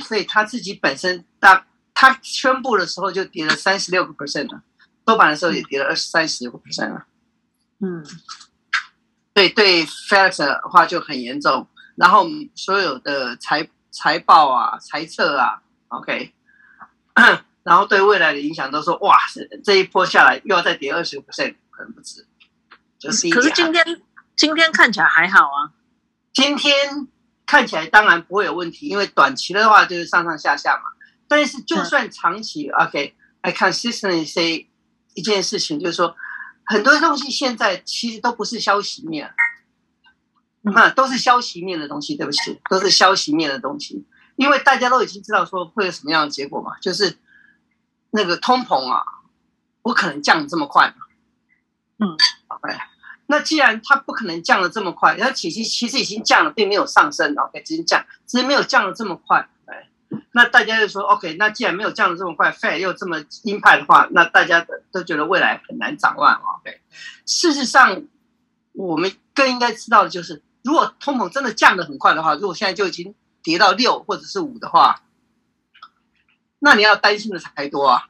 所以他自己本身大，那他宣佈的時候就跌了三十六個 percent 了，收盤的時候也跌了二三十個 percent 了。嗯，對對，Fed 的話就很嚴重，然後所有的財財報啊、財測啊，OK，然後對未來的影響都說哇，這一波下來又要再跌二十個 percent，可能不止。就是、一可是今天今天看起來還好啊，今天。看起來當然不會有問題，因為短期的話就是上上下下嘛。但是就算長期、嗯、，OK，I、okay, consistently say 一件事情，就是說很多東西現在其實都不是消息面，你看、嗯、都是消息面的東西。對不起，都是消息面的東西，因為大家都已經知道說會有什麼樣的結果嘛，就是那個通膨啊，不可能降這麼快。嗯，好，來。那既然它不可能降得這麼快，它其實其實已經降了，並沒有上升。OK，直接降，直接沒有降得這麼快。那大家就說 OK，那既然沒有降得這麼快，Fed 又這麼鷹派的話，那大家都覺得未來很難掌握啊。對、OK，事實上，我們更應該知道的就是，如果通膨真的降得很快的話，如果現在就已經跌到六或者是五的話，那你要擔心的才多啊。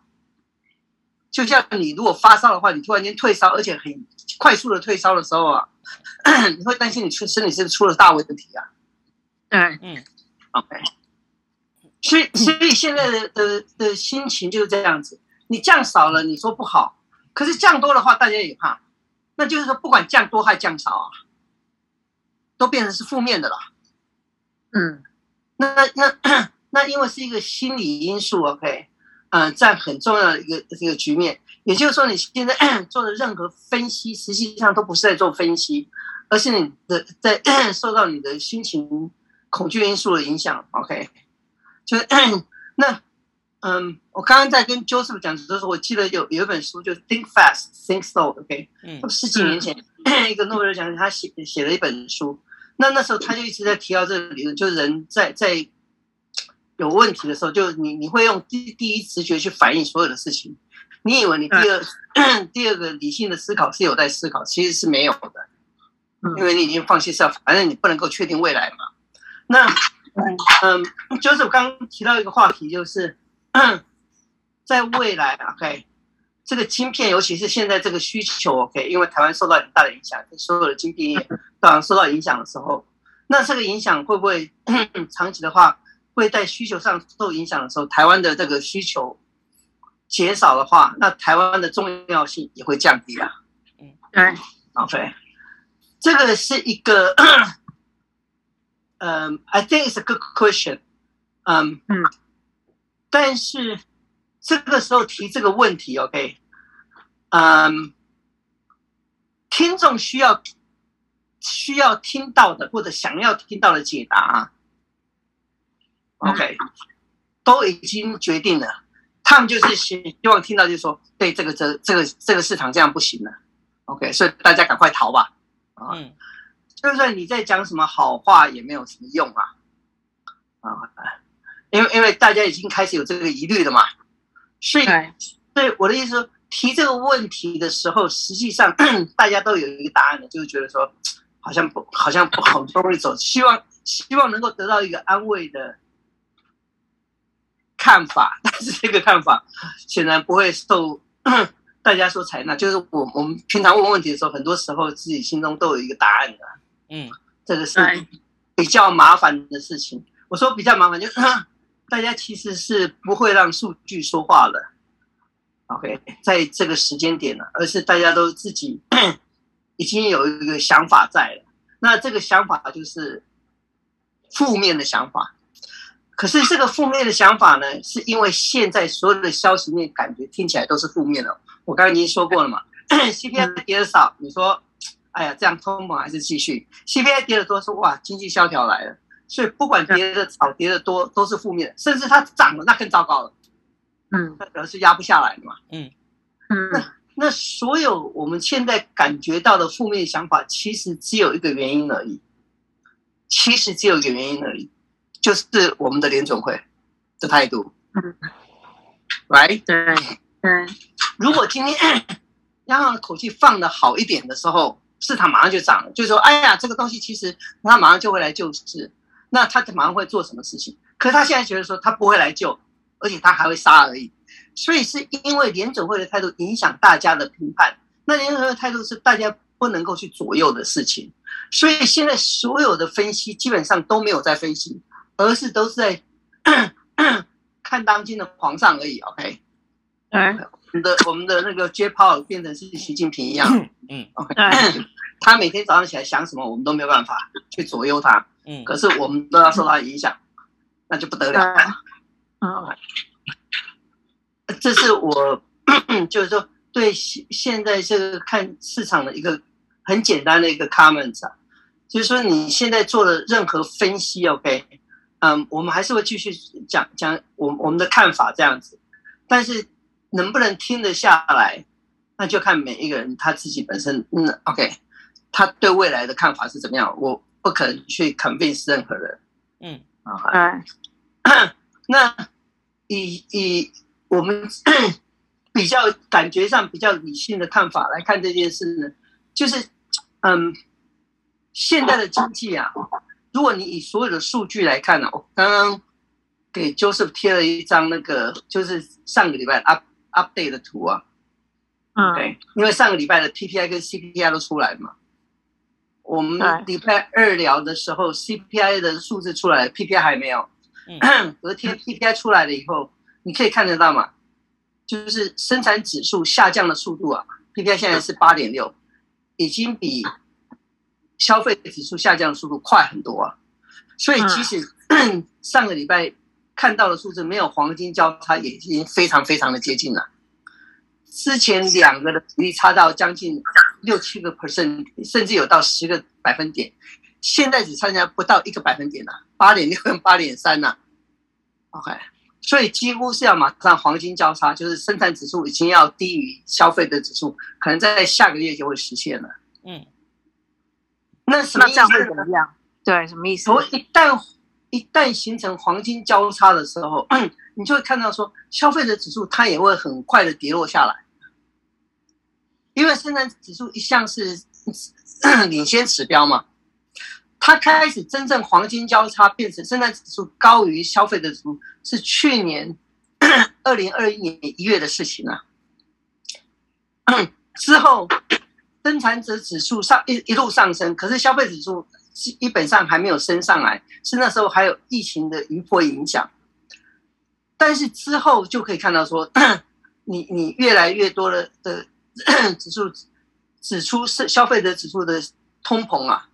就像你如果發燒的話，你突然間退燒，而且很快速的退燒的時候啊， 你會擔心你身身體是不是出了大問題啊？嗯嗯，OK。所以，所以現在的的心情就是這樣子。你降少了，你說不好；可是降多的話，大家也怕。那就是說，不管降多還降少啊，都變成是負面的了。嗯，那那那因為是一個心理因素，OK。呃，在很重要的一個一個局面，也就是說，你現在做的任何分析，實際上都不是在做分析，而是你的在受到你的心情、恐懼因素的影響。OK，就是那，嗯、呃，我剛剛在跟 Joseph 講的時候，我記得有有一本書，就 Think Fast, Think Slow、okay。OK，十幾年前、嗯、一個諾貝爾獎，他寫寫了一本書，那那時候他就一直在提到這個理論，就是人在在。有問題的時候，就你你會用第第一直覺去反映所有的事情。你以為你第二、嗯、第二個理性的思考是有在思考，其實是沒有的，因為你已經放棄掉，反正你不能夠確定未來嘛。那嗯，就是我剛剛提到一個話題，就是在未來，OK，這個晶片，尤其是現在這個需求，OK，因為台灣受到很大的影響，所有的晶片業當然受到影響的時候，那這個影響會不會長期的話？會在需求上受影響的時候，台灣的這個需求減少的話，那台灣的重要性也會降低啊。嗯，好，OK，這個是一個，嗯、um,，I think it's a good question、um,。嗯嗯，但是這個時候提這個問題，OK，嗯、um,，聽眾需要需要聽到的或者想要聽到的解答啊。OK，、嗯、都已經決定了，他們就是希望聽到，就是說，對這個這這個這個市場這樣不行了，OK，所以大家趕快逃吧，啊、嗯，就算你在講什麼好話也沒有什麼用啊，啊，因為因為大家已經開始有這個疑慮了嘛，所以、嗯、所以我的意思說，提這個問題的時候，實際上大家都有一個答案的，就是覺得說，好像不，好像不容易走，希望希望能夠得到一個安慰的。看法，但是這個看法顯然不會受大家所採納。就是我我們平常問問題的時候，很多時候自己心中都有一個答案的、啊。嗯，這個是比較麻煩的事情。嗯、我說比較麻煩，就是大家其實是不會讓數據說話了。OK，在這個時間點呢、啊，而是大家都自己已經有一個想法在了。那這個想法就是負面的想法。可是這個負面的想法呢，是因為現在所有的消息面感覺聽起來都是負面的哦。我剛剛已經說過了嘛，CPI 跌的少，你說，哎呀，這樣通膨還是繼續；CPI 跌的多，說哇，經濟蕭條來了。所以不管跌的少、跌的多，都是負面的。甚至它漲了，那更糟糕了。嗯，它可能是壓不下來的嘛。嗯嗯。嗯，那那所有我們現在感覺到的負面的想法，其實只有一個原因而已。其實只有一個原因而已。就是我們的聯準會的態度，Right？對對。對，如果今天央行的口氣放得好一點的時候，市場馬上就漲了。就是說：“哎呀，這個東西其實他馬上就會來救市，那他馬上會做什麼事情？可是他現在覺得說他不會來救，而且他還會殺而已。所以是因為聯準會的態度影響大家的評判。那聯準會的態度是大家不能夠去左右的事情，所以現在所有的分析基本上都沒有在分析。”而是都是在 看當今的皇上而已。OK，對，我們的我們的那個 JPow 變成是習近平一樣。嗯，OK， 他每天早上起來想什麼，我們都沒有辦法去左右他。 可是我們都要受他影響， 那就不得了了。嗯、uh. Okay. 這是我 就是說對現現在這個看市場的一個很簡單的一個 comments、啊、就是說你現在做的任何分析，OK。嗯，um, 我們還是會繼續講講我我們的看法這樣子，但是能不能聽得下來，那就看每一個人他自己本身，嗯，OK，他對未來的看法是怎麼樣，我不可能去 convince 任何人。嗯，好，好、啊， 那以以我們 比較感覺上比較理性的看法來看這件事呢，就是，嗯，現在的經濟啊。啊如果你以所有的數據來看呢，啊，我剛剛給 Joseph 貼了一張那個，就是上個禮拜 up update 的圖啊，嗯，對，因為上個禮拜的 PPI 跟 CPI 都出來嘛，我們禮拜二聊的時候對 CPI 的數字出來，PPI 還沒有，昨天 PPI 出來了以後，你可以看得到嘛，就是生產指數下降的速度啊，PPI 現在是八點六，已經比消費指數下降的速度快很多啊，所以即使上個禮拜看到的數字沒有黃金交叉，也已經非常非常的接近了。之前兩個的比例差到將近六七個 percent，甚至有到十個百分點，現在只差不到一個百分點了，八點六跟八點三了。OK，所以幾乎是要馬上黃金交叉，就是生產指數已經要低於消費的指數，可能在下個月就會實現了。嗯。那什麼意思？對，什麼意思？所以一旦一旦形成黃金交叉的時候，你就會看到說，消費者指數它也會很快的跌落下來，因為生產指數一向是領先指標嘛，它開始真正黃金交叉變成生產指數高於消費者指數，是去年二零二一年一月的事情啊，之後。生產者指數上一一路上升，可是消費指數基本上還沒有升上來，是那時候還有疫情的餘波影響。但是之後就可以看到說，你你越來越多的的呵呵指數指出是消費者指數的通膨啊，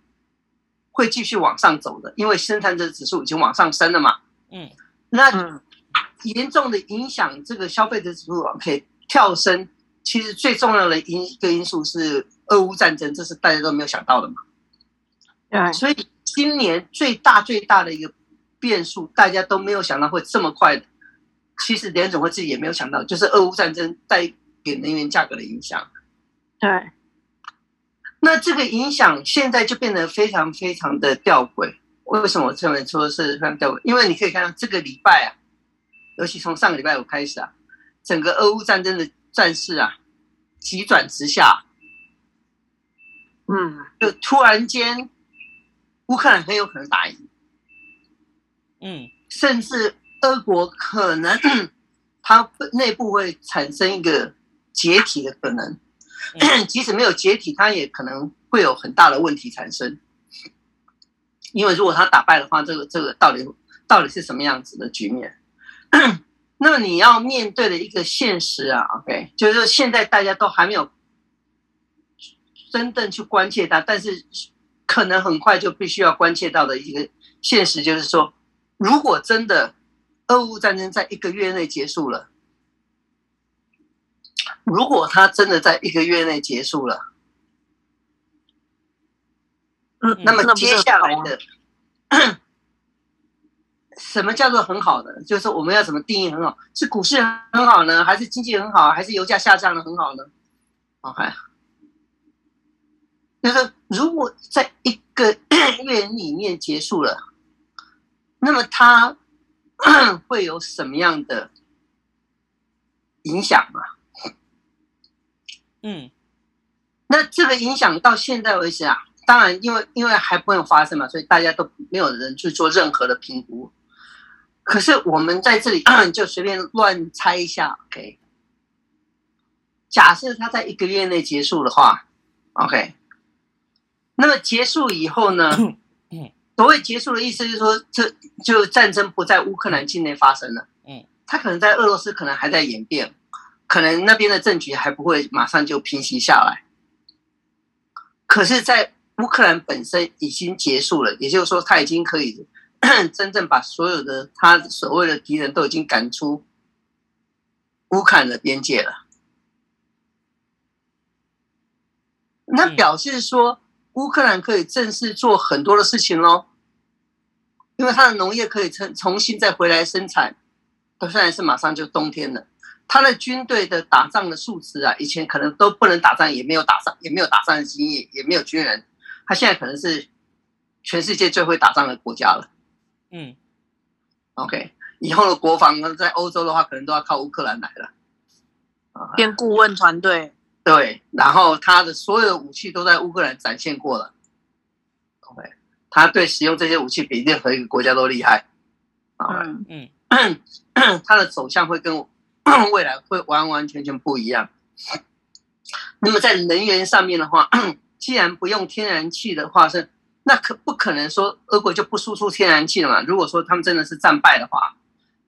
會繼續往上走的，因為生產者指數已經往上升了嘛。嗯，那嚴重的影響這個消費者指數 OK 跳升，其實最重要的因一個因素是。俄烏戰爭，這是大家都沒有想到的嘛？對，所以今年最大最大的一個變數，大家都沒有想到會這麼快。其實聯總會自己也沒有想到，就是俄烏戰爭帶給能源價格的影響。對，那這個影響現在就變得非常非常的吊詭。為什麼我這麼說是非常吊詭？因為你可以看到這個禮拜啊，尤其從上個禮拜五開始啊，整個俄烏戰爭的戰事啊，急轉直下。嗯，就突然間，烏克蘭很有可能打贏。嗯，甚至俄國可能它內部會產生一個解體的可能，即使沒有解體，它也可能會有很大的問題產生。因為如果他打敗的話，這個這個到底到底是什麼樣子的局面？那麼你要面對的一個現實啊，OK，就是現在大家都還沒有。真正去關切他，但是可能很快就必須要關切到的一個現實就是說，如果真的俄烏戰爭在一個月內結束了，如果他真的在一個月內結束了，嗯、那麼接下來的、嗯、什麼叫做很好呢？就是我們要怎麼定義很好？是股市很好呢，還是經濟很好，還是油價下降的很好呢？好，還。就是如果在一個月裡面結束了，那麼它會有什麼樣的影響嗎？嗯，那這個影響到現在為止啊，當然因為因為還不會有發生嘛，所以大家都沒有人去做任何的評估。可是我們在這裡就隨便亂猜一下，OK。假設它在一個月內結束的話，OK。那麼結束以後呢？所謂結束的意思，就是說，這就戰爭不在烏克蘭境內發生了。嗯，他可能在俄羅斯，可能還在演變，可能那邊的政局還不會馬上就平息下來。可是，在烏克蘭本身已經結束了，也就是說，他已經可以真正把所有的他所謂的敵人都已經趕出烏克蘭的邊界了。那表示說，烏克蘭可以正式做很多的事情嘍，因為他的農業可以重重新再回來生產，但現在是馬上就冬天了，他的軍隊的打仗的素質啊，以前可能都不能打仗，也沒有打仗，也沒有打仗，也沒有打仗的經驗，也沒有軍人，他現在可能是全世界最會打仗的國家了。嗯，OK，以後的國防在歐洲的話，可能都要靠烏克蘭來了，啊，編顧問團隊。對，然後他的所有的武器都在烏克蘭展現過了。OK，他對使用這些武器比任何一個國家都厲害。嗯嗯，他的走向會跟未來會完完全全不一樣。那麼在能源上面的話，既然不用天然氣的話是，那可不可能說俄國就不輸出天然氣了嘛？如果說他們真的是戰敗的話，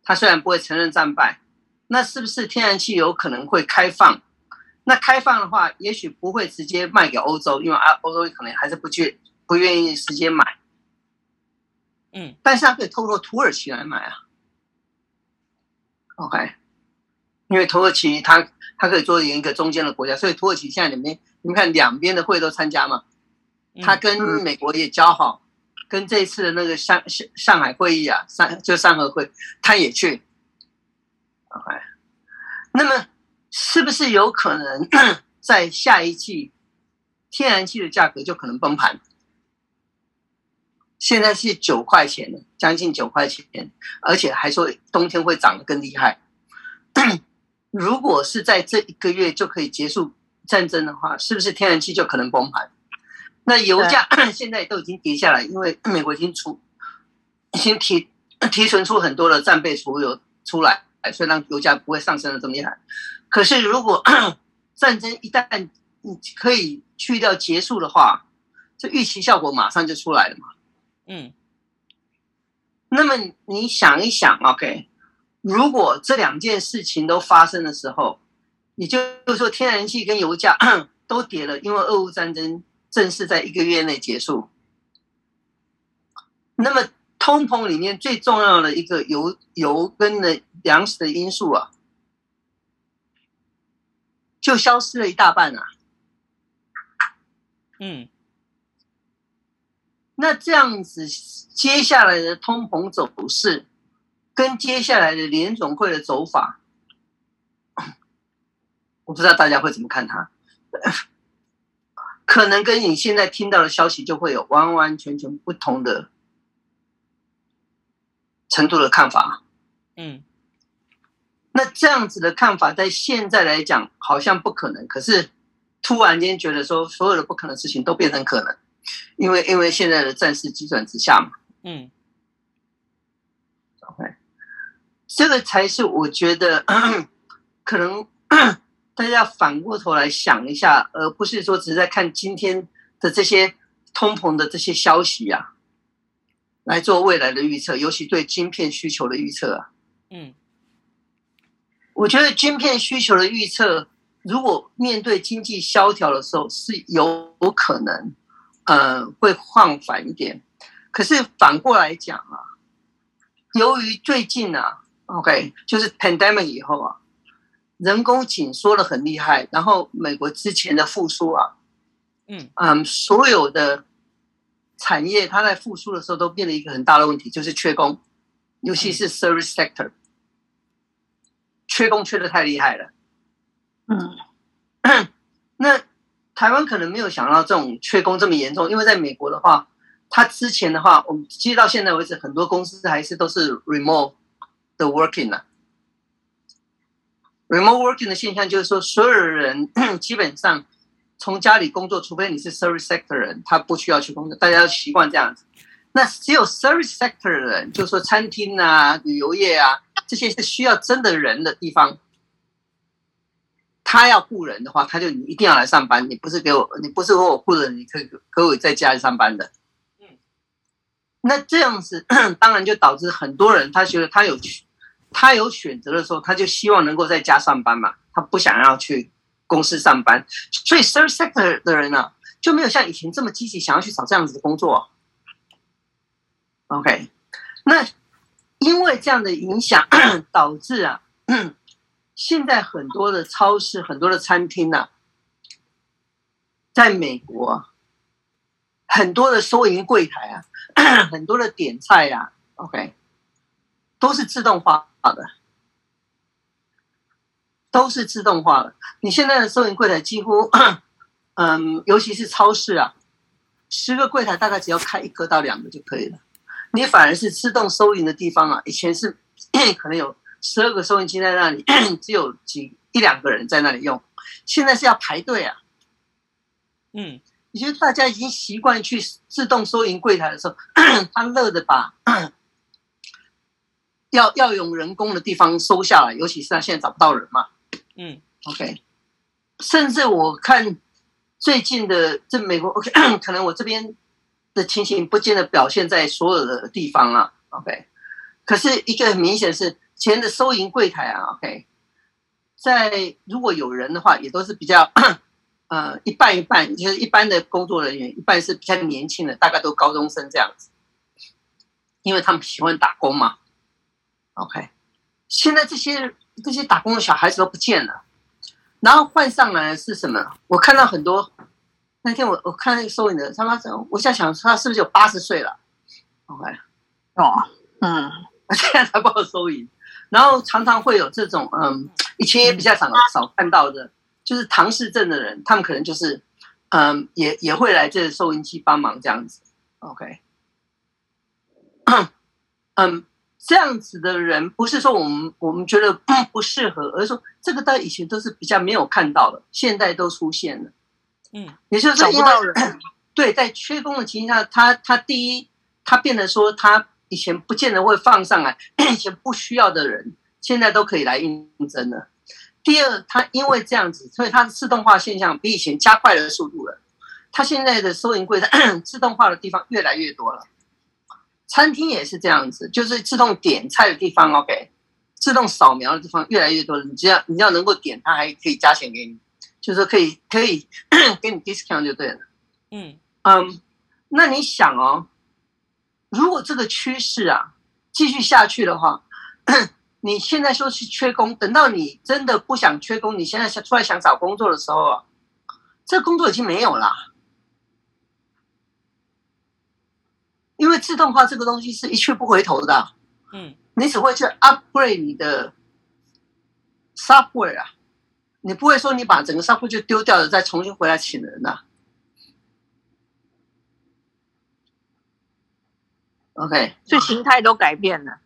他雖然不會承認戰敗，那是不是天然氣有可能會開放？那開放的話，也許不會直接賣給歐洲，因為啊，歐洲可能還是不去、不願意直接買，嗯，但是它可以透過土耳其來買啊。OK，因為土耳其它它可以做一個中間的國家，所以土耳其現在你們你們看兩邊的會都參加嘛，他跟美國也交好，跟這一次的那個上上上海會議啊，上，就上合會，他也去。OK，那麼。是不是有可能在下一季，天然氣的價格就可能崩盤？現在是九塊錢，將近九塊錢，而且還說冬天會漲得更厲害。如果是在這一個月就可以結束戰爭的話，是不是天然氣就可能崩盤？那油價對現在都已經跌下來，因為美國已經出，已經提提存出很多的戰備儲油出來，所以讓油價不會上升的這麼厲害。可是，如果呵呵戰爭一旦你可以去掉結束的話，這預期效果馬上就出來了嘛。嗯，那麼你想一想，OK，如果這兩件事情都發生的時候，你就就說天然氣跟油價都跌了，因為俄烏戰爭正式在一個月內結束，那麼通膨裡面最重要的一個油油跟的糧食的因素啊。就消失了一大半啊！嗯，那這樣子，接下來的通膨走勢跟接下來的聯總會的走法，我不知道大家會怎麼看它，可能跟你現在聽到的消息就會有完完全全不同的程度的看法。嗯。那這樣子的看法，在現在來講好像不可能，可是突然間覺得說，所有的不可能的事情都變成可能，因為因為現在的戰事急轉直下嘛。嗯，OK，這個才是我覺得咳咳可能咳咳大家反過頭來想一下，而不是說只是在看今天的這些通膨的這些消息啊，來做未來的預測，尤其對晶片需求的預測啊。嗯。我覺得晶片需求的預測，如果面對經濟蕭條的時候，是有可能，呃，會放緩一點。可是反過來講啊，由於最近啊，OK，就是 pandemic 以後啊，人工緊縮的很厲害，然後美國之前的復甦啊，嗯、呃、嗯，所有的產業它在復甦的時候都變了一個很大的問題，就是缺工，尤其是 service sector、嗯。缺工缺得太厲害了嗯，嗯， 那台灣可能沒有想到這種缺工這麼嚴重，因為在美國的話，他之前的話，我們其實到現在為止，很多公司還是都是 remote 的 working 啊。remote working 的現象就是說，所有的人基本上從家裡工作，除非你是 service sector 人，他不需要去工作，大家都習慣這樣子。那只有 service sector 的人，就是說餐廳啊、旅遊業啊。這些是需要真的人的地方，他要雇人的話，他就一定要來上班。你不是給我，你不是說我雇人，你可以可以在家上班的。嗯，那這樣子，當然就導致很多人他覺得他有他有選擇的時候，他就希望能夠在家上班嘛，他不想要去公司上班。所以，third sector 的人啊，就沒有像以前這麼積極想要去找這樣子的工作啊。OK，那。因為這樣的影響， 導致啊，現在很多的超市、很多的餐廳呢、啊，在美國，很多的收銀櫃檯啊， 很多的點菜啊，OK，都是自動化化的，都是自動化的。你現在的收銀櫃檯幾乎，嗯，尤其是超市啊，十個櫃檯大概只要開一個到兩個就可以了。你反而是自動收銀的地方啊，以前是可能有十二個收銀機在那裡，只有幾一兩個人在那裡用，現在是要排隊啊。嗯，你覺得大家已經習慣去自動收銀櫃檯的時候，咳咳他樂的把要要用人工的地方收下來，尤其是他現在找不到人嘛。嗯，OK，甚至我看最近的這美國，OK，可能我這邊。這情形不見得表現在所有的地方啊，OK。可是一個很明顯是前面的收銀櫃台啊，OK。在如果有人的話，也都是比較呃一半一半，就是一般的工作人員，一半是比較年輕的，大概都高中生這樣子，因為他們喜歡打工嘛，OK。現在這些這些打工的小孩子都不見了，然後換上來的是什麼？我看到很多。那天我我看那個收銀的，他媽說，我現在想他是不是有八十歲了？OK，哦，嗯，我現在才報收銀，然後常常會有這種嗯，以前也比較少少看到的，就是唐氏症的人，他們可能就是嗯，也也會來這個收銀機幫忙這樣子。OK，嗯，這樣子的人不是說我們我們覺得不不適合，而是說這個在以前都是比較沒有看到的，現在都出現了。嗯，也就是因為 對，在缺工的情況下，他他第一，他變得說他以前不見得會放上來，以前不需要的人，現在都可以來應徵了。第二，他因為這樣子，所以他的自動化現象比以前加快了速度了。他現在的收銀櫃自動化的地方越來越多了，餐廳也是這樣子，就是自動點菜的地方，OK，自動掃描的地方越來越多了。你只要你只要能夠點，他還可以加錢給你。就是可以可以 給你 discount 就對了，嗯嗯，um, 那你想哦，如果這個趨勢啊繼續下去的話， 你現在說是缺工，等到你真的不想缺工，你現在想出來想找工作的時候啊，這個、工作已經沒有了、啊，因為自動化這個東西是一去不回頭的、啊，嗯，你只會去 upgrade 你的 software 啊。你不會說你把整個商鋪就丟掉了，再重新回來請人吶、啊？OK，所以形態都改變了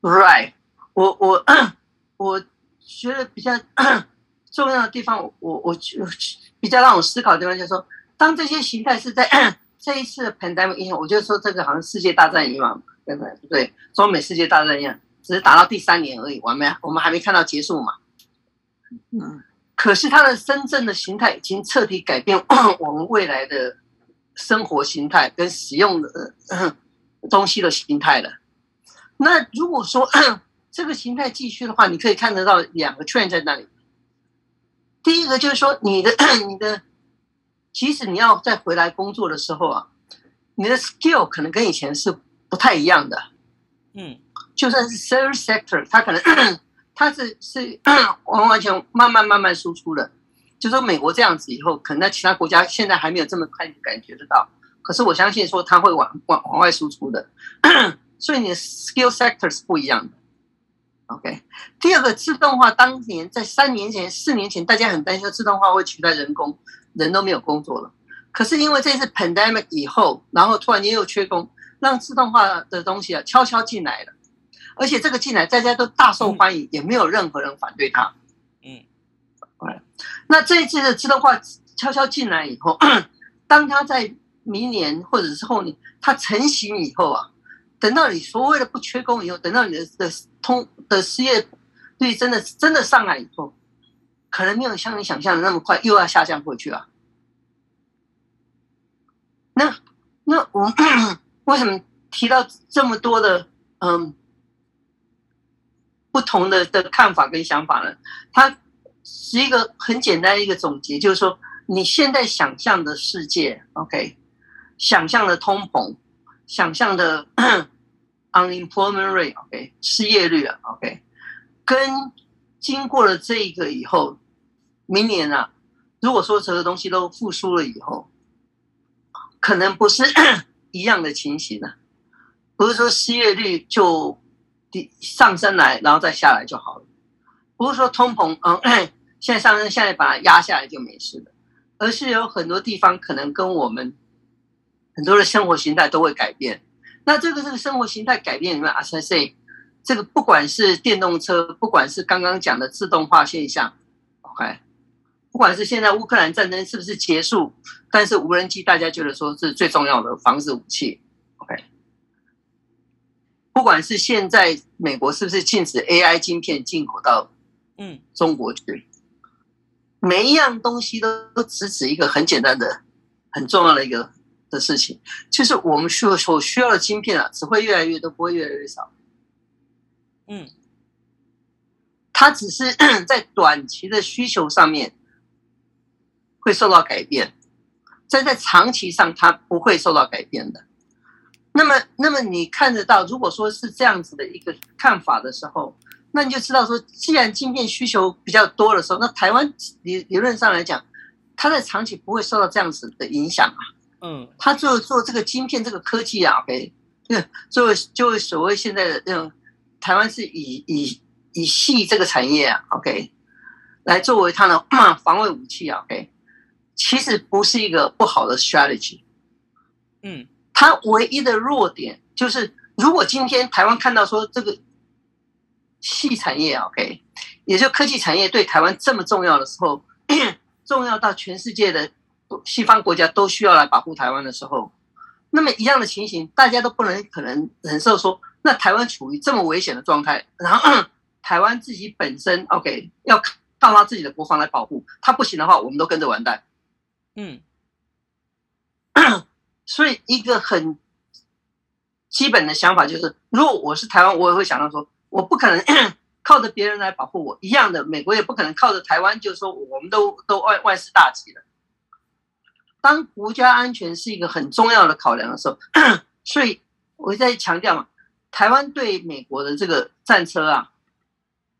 ，Right？我我我覺得比較重要的地方，我我比較讓我思考的地方，就是說，當這些形態是在這一次的 Pandemic 我就說這個好像世界大戰一樣，對不對？中美世界大戰一樣，只是打到第三年而已，我們？我們還沒看到結束嘛？嗯。可是它的深圳的形態已經徹底改變我們未來的生活形態跟使用的東西的心態了。那如果說這個形態繼續的話，你可以看得到兩個券在那裡。第一個就是說，你的你的，即使你要再回來工作的時候啊，你的 skill 可能跟以前是不太一樣的。嗯，就算是 service sector，他可能。它是是完完全慢慢慢慢輸出的，就說美國這樣子以後，可能在其他國家現在還沒有這麼快就感覺得到，可是我相信說它會往往往外輸出的，所以你的 skill sector 是不一樣的。OK，第二個自動化，當年在三年前、四年前，大家很擔心自動化會取代人工，人都沒有工作了。可是因為這次 pandemic 以後，然後突然間又缺工，讓自動化的東西啊悄悄進來了。而且這個進來，大家都大受歡迎，嗯、也沒有任何人反對他。嗯，嗯，那這一次的自動化悄悄進來以後，當他在明年或者是後年它成型以後啊，等到你所謂的不缺工以後，等到你的的通的失業率真的真的上來以後，可能沒有像你想象的那麼快又要下降過去啊。那那我為什麼提到這麼多的嗯？不同的的看法跟想法呢？它是一個很簡單的一個總結，就是說你現在想象的世界，OK，想象的通膨，想象的 unemployment rate，OK，、okay, 失業率啊，OK，跟經過了這個以後，明年啊，如果說這個東西都復甦了以後，可能不是一樣的情形啊，不是說失業率就。上升來，然後再下來就好了，不是說通膨，嗯，現在上升，現在把它壓下來就沒事了，而是有很多地方可能跟我們很多的生活形態都會改變。那這個是生活形態改變什麼？I say，這個不管是電動車，不管是剛剛講的自動化現象，OK，不管是現在烏克蘭戰爭是不是結束，但是無人機大家覺得說是最重要的防止武器。不管是現在美國是不是禁止 AI 晶片進口到，嗯，中國去，嗯、每一樣東西都都只指一個很簡單的、很重要的一個的事情，就是我們需所需要的晶片啊，只會越來越多，不會越來越少。嗯，它只是在短期的需求上面會受到改變，但在長期上它不會受到改變的。那麼，那麼你看得到，如果說是這樣子的一個看法的時候，那你就知道說，既然晶片需求比較多的時候，那台灣理理論上來講，它在長期不會受到這樣子的影響啊。嗯，它就做這個晶片這個科技啊，OK，就就所謂現在的那種，台灣是以以以系這個產業啊，OK，來作為它的，呃，防衛武器啊，OK，啊其實不是一個不好的 strategy。嗯。他唯一的弱點就是，如果今天台灣看到說這個，系產業 OK，也就科技產業對台灣這麼重要的時候，重要到全世界的西方國家都需要來保護台灣的時候，那麼一樣的情形，大家都不能可能忍受說，那台灣處於這麼危險的狀態，然後台灣自己本身 OK，要靠他自己的國防來保護，他不行的話，我們都跟着完蛋，嗯。所以，一個很基本的想法就是，如果我是台灣，我也會想到說，我不可能靠着別人來保護我一樣的，美國也不可能靠着台灣，就是說，我們都都萬萬事大吉了。當國家安全是一個很重要的考量的時候，所以我在強調嘛，台灣對美國的這個戰車啊，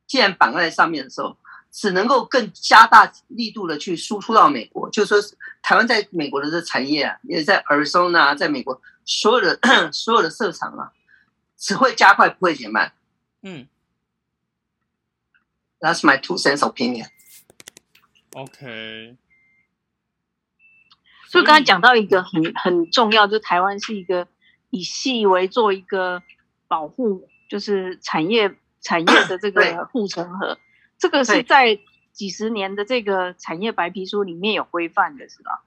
既然綁在上面的時候。只能夠更加大力度的去輸出到美國，就是說台灣在美國的這產業啊，也在 Arizona，在美國所有的所有的設廠啊，只會加快，不會減慢。嗯，That's my two cents opinion. OK，所以剛才講到一個很很重要，就是台灣是一個以矽為做一個保護，就是產業產業的這個護城河。這個是在幾十年的這個產業白皮書裡面有規範的，是吧？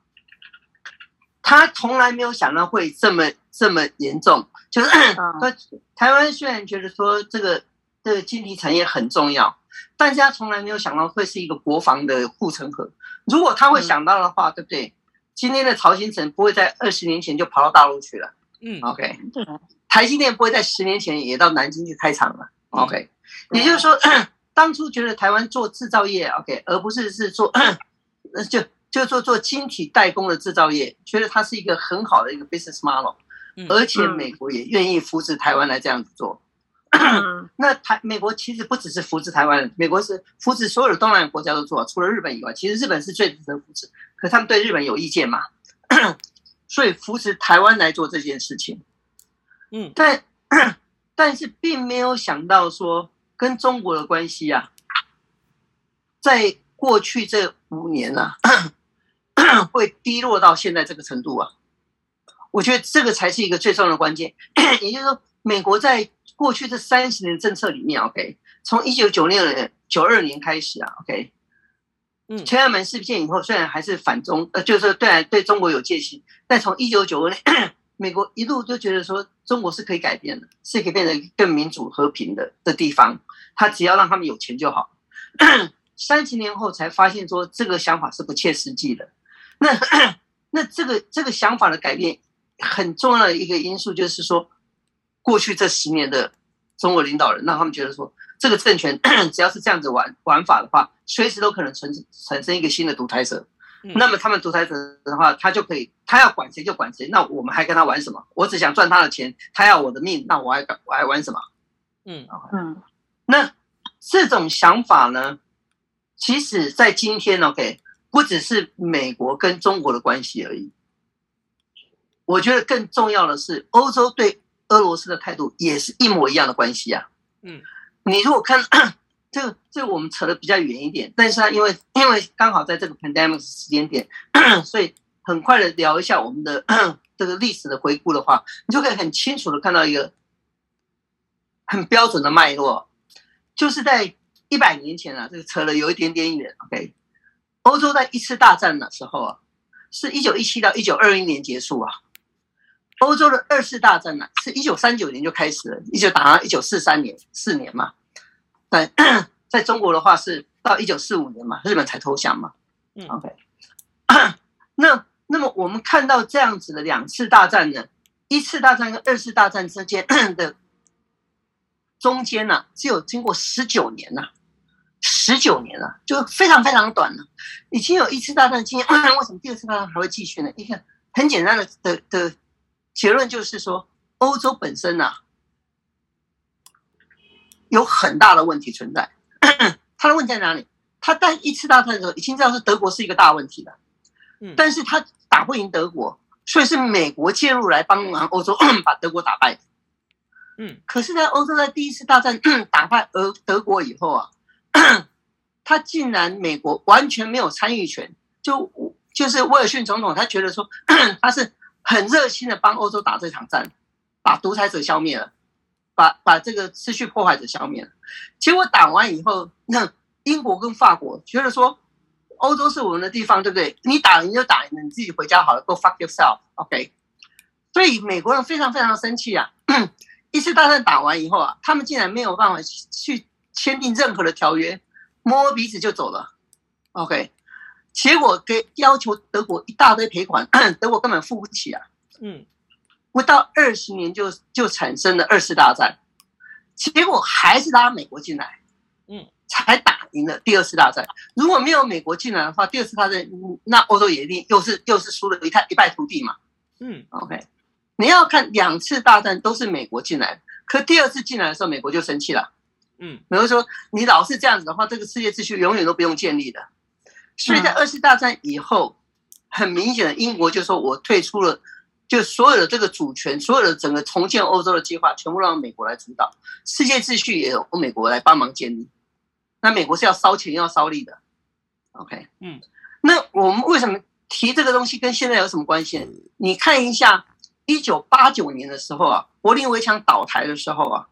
他從來沒有想到會這麼這麼嚴重，就是、嗯、台灣雖然覺得說這個這個經濟產業很重要，但是他從來沒有想到會是一個國防的護城河。如果他會想到的話，嗯、對不對？今天的曹興誠不會在二十年前就跑到大陸去了。嗯，OK。對的。台積電不會在十年前也到南京去開廠了。嗯、OK。也、嗯、就是說。對當初覺得台灣做製造業 OK，而不是是做那就就做做晶體代工的製造業，覺得它是一個很好的一個 business model、嗯、而且美國也願意扶持台灣來這樣子做、嗯。 那台美國其實不只是扶持台灣，美國是扶持所有的東南亞國家都做，除了日本以外，其實日本是最值得扶持，可他們對日本有意見嘛？ 所以扶持台灣來做這件事情，嗯，但但是並沒有想到說。跟中國的關係啊，在過去這五年啊，會低落到現在這個程度啊？我覺得這個才是一個最重要的關鍵。也就是說，美國在過去這三十年政策裡面，OK，從一九九六年九二年開始啊，OK，嗯，天安門事件以後，雖然還是反中，呃，就是對對，中國有戒心，但從一九九二年，美國一路就覺得說，中國是可以改變的，是可以變成更民主和平的的地方。他只要讓他們有錢就好，三十年後才發現說這個想法是不切實際的。那那這個這個想法的改變很重要的一個因素就是說，過去這十年的中國領導人，讓他們覺得說這個政權只要是這樣子玩玩法的話，隨時都可能成產生一個新的獨裁者。嗯、那麼他們獨裁者的話，他就可以他要管誰就管誰。那我們還跟他玩什麼？我只想賺他的錢，他要我的命，那我還我還玩什麼？嗯嗯。那這種想法呢，其實，在今天，OK，不只是美國跟中國的關係而已。我覺得更重要的是，歐洲對俄羅斯的態度也是一模一樣的關係啊。嗯，你如果看這個，這個、我們扯的比較遠一點，但是它因，因為因為剛好在這個 pandemic 時間點呵呵，所以很快的聊一下我們的這個歷史的回顧的話，你就可以很清楚的看到一個很標準的脈絡。就是在一百年前啊，這個扯了有一點點遠。OK，歐洲在一次大戰的時候啊，是一九一七到一九二一年結束啊。歐洲的二次大戰呢、啊，是一九三九年就開始了，一直打到一九四三年，四年嘛。在在中國的話是到一九四五年嘛，日本才投降嘛。OK，、嗯、那那麼我們看到這樣子的兩次大戰的，一次大戰跟二次大戰之間的。中間呢、啊，只有經過十九年吶，十九年了、啊，就非常非常短了。已經有一次大戰經驗，為什麼第二次大戰還會繼續呢？你看，很簡單的的的結論就是說，歐洲本身吶、啊，有很大的問題存在。咳咳，他的問題在哪裡？他在一次大戰的時候，已經知道是德國是一個大問題了，但是他打不贏德國，所以是美國介入來幫忙歐洲把德國打敗。嗯，可是，在歐洲的第一次大戰 打敗俄德國以後啊， 他竟然美國完全沒有參與權，就就是威爾遜總統，他覺得說 他是很熱心的幫歐洲打這場戰，把獨裁者消滅了，把把這個持續破壞者消滅了。結果打完以後、嗯，那英國跟法國覺得說歐洲是我們的地方，對不對？你打贏就打贏，你自己回家好了，Go fuck yourself，OK，okay。所以美國人非常非常生氣啊。 一次大戰打完以後啊，他們竟然沒有辦法去簽訂任何的條約，摸鼻子就走了。OK，結果給要求德國一大堆賠款，德國根本付不起啊。嗯，不到二十年就就產生了二次大戰，結果還是拉美國進來，嗯，才打贏了第二次大戰。如果沒有美國進來的話，第二次大戰，那歐洲也一定又是又是輸了一塌，一敗塗地嘛。嗯，OK。你要看兩次大戰都是美國進來的，可第二次進來的時候，美國就生氣了。嗯，美國說你老是這樣子的話，這個世界秩序永遠都不用建立的。所以在二次大戰以後，很明顯的英國就說我退出了，就所有的這個主權，所有的整個重建歐洲的計劃，全部讓美國來主導。世界秩序也由美國來幫忙建立。那美國是要燒錢、要燒力的。OK，嗯，那我們為什麼提這個東西跟現在有什麼關係？你看一下。一九八九年的時候啊，柏林圍牆倒台的時候啊，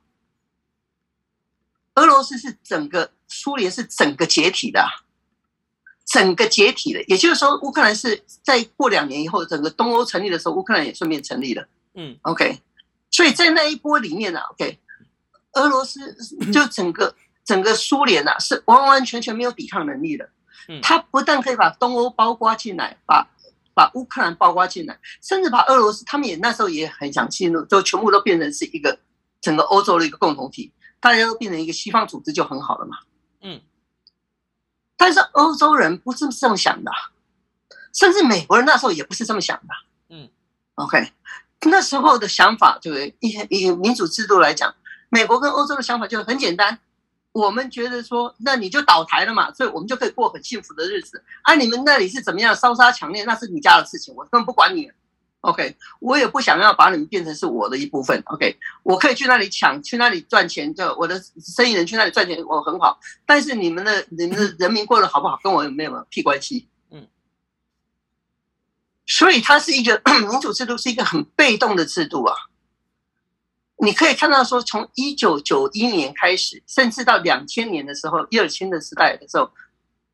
俄羅斯是整個蘇聯是整個解體的啊，整個解體的，也就是說，烏克蘭是在過兩年以後，整個東歐成立的時候，烏克蘭也順便成立了。嗯，OK，所以在那一波裡面呢啊，OK，俄羅斯就整個整個蘇聯啊，是完完全全沒有抵抗能力的。嗯，他不但可以把東歐包括進來，把。把烏克蘭包括進來，甚至把俄羅斯，他們也那時候也很想進入，就全部都變成是一個整個歐洲的一個共同體，大家都變成一個西方組織就很好了嘛。嗯，但是歐洲人不是這麼想的，甚至美國人那時候也不是這麼想的。嗯，OK，那時候的想法就，就是以以民主制度來講，美國跟歐洲的想法就很簡單。我們覺得說，那你就倒台了嘛，所以我們就可以過很幸福的日子。啊，你們那裡是怎麼樣燒殺搶掠，那是你家的事情，我根本不管你了。OK，我也不想要把你們變成是我的一部分。OK，我可以去那裡搶，去那裡賺錢。就我的生意人去那裡賺錢，我很好。但是你們的、你們的人民過得好不好，跟我有沒有屁關係？嗯。所以它是一個、嗯、民主制度，是一個很被動的制度啊。你可以看到，說從一九九一年開始，甚至到兩千年的時候，葉爾欽的時代的時候，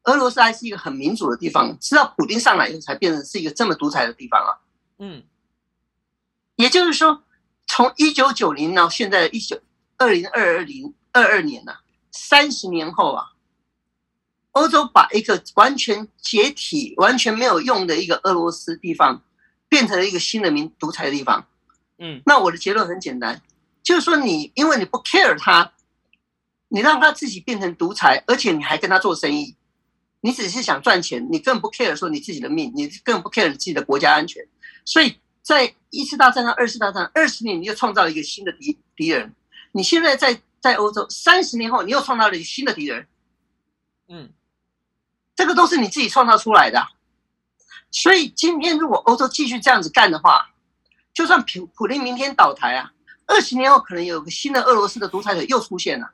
俄羅斯還是一個很民主的地方。直到普京上來以後，才變成是一個這麼獨裁的地方啊。嗯，也就是說，從一九九零到現在的一九二零二二零二二年吶，三十年後啊，歐洲把一個完全解體、完全沒有用的一個俄羅斯地方，變成了一個新的民獨裁的地方。嗯，那我的結論很簡單。就是說你，你因為你不 care 他，你讓他自己變成獨裁，而且你還跟他做生意，你只是想賺錢，你根本不 care 說你自己的命，你根本不 care 你自己的國家安全。所以在一次大戰、二二次大戰二十年你又創造了一個新的敵敵人。你現在在在歐洲三十年後，你又創造了一個新的敵人。嗯，這個都是你自己創造出來的。所以今天如果歐洲繼續這樣子幹的話，就算普普林明天倒台啊。二十年後，可能有個新的俄羅斯的獨裁者又出現了。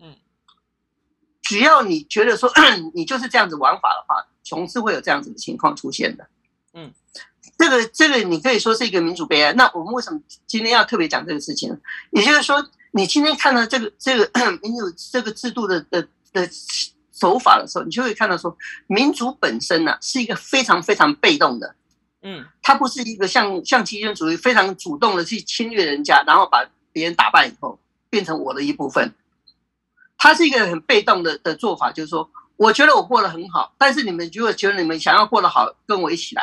嗯，只要你覺得說你就是這樣子玩法的話，總是會有這樣子的情況出現的。嗯，這個這個你可以說是一個民主悲哀。那我們為什麼今天要特別講這個事情呢？也就是說，你今天看到這個這個民主這個制度的的的手法的時候，你就會看到說，民主本身呢，啊，是一個非常非常被動的。嗯，他不是一個像像極權主義非常主動的去侵略人家，然後把別人打敗以後變成我的一部分。他是一個很被動的的做法，就是說，我覺得我過得很好，但是你們如果覺得你們想要過得好，跟我一起來；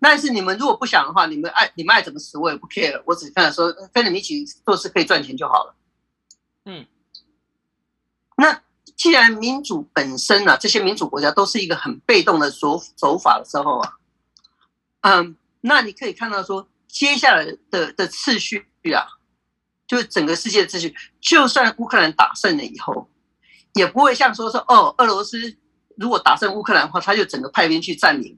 但是你們如果不想的話，你們愛你們愛怎麼死，我也不 care，我只看來說、呃、跟你們一起做事可以賺錢就好了。嗯，那既然民主本身呢、啊，這些民主國家都是一個很被動的手手法的時候啊。嗯，那你可以看到說，接下來的的、的次序啊，就是整個世界的秩序，就算烏克蘭打勝了以後，也不會像說說哦，俄羅斯如果打勝烏克蘭的話，他就整個派兵去佔領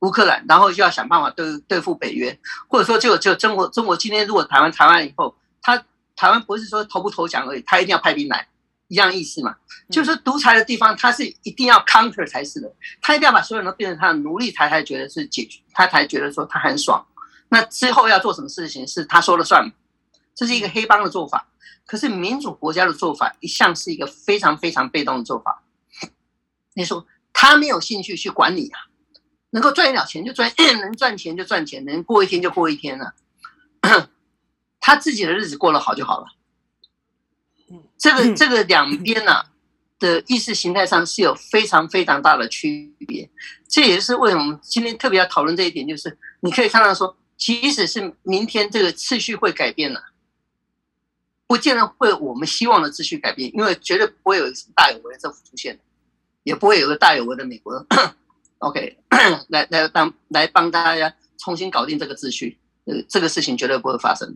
烏克蘭，然後就要想辦法對對付北約，或者說就就中國中國今天如果台灣台灣以後，他台灣不是說投不投降而已，他一定要派兵來。一樣意思嘛，就是說獨裁的地方，他是一定要 counter 才是的，他一定要把所有人都變成他的奴隸，才才覺得是解決，他才覺得說他很爽。那之後要做什麼事情是他說了算，這是一個黑幫的做法。可是民主國家的做法一向是一個非常非常被動的做法。你說他沒有興趣去管你啊，能夠賺一點錢就賺，能賺錢就賺錢，能過一天就過一天了、啊，他自己的日子過得好就好了。這個這個兩邊啊的意識形態上是有非常非常大的區別，這也是為什麼我們今天特別要討論這一點。就是你可以看到說，即使是明天這個秩序會改變呢、啊，不見得會我們希望的秩序改變，因為絕對不會有什麼大有為的政府出現的，也不會有個大有為的美國，OK 來來當來幫大家重新搞定這個秩序，呃，這個事情絕對不會發生。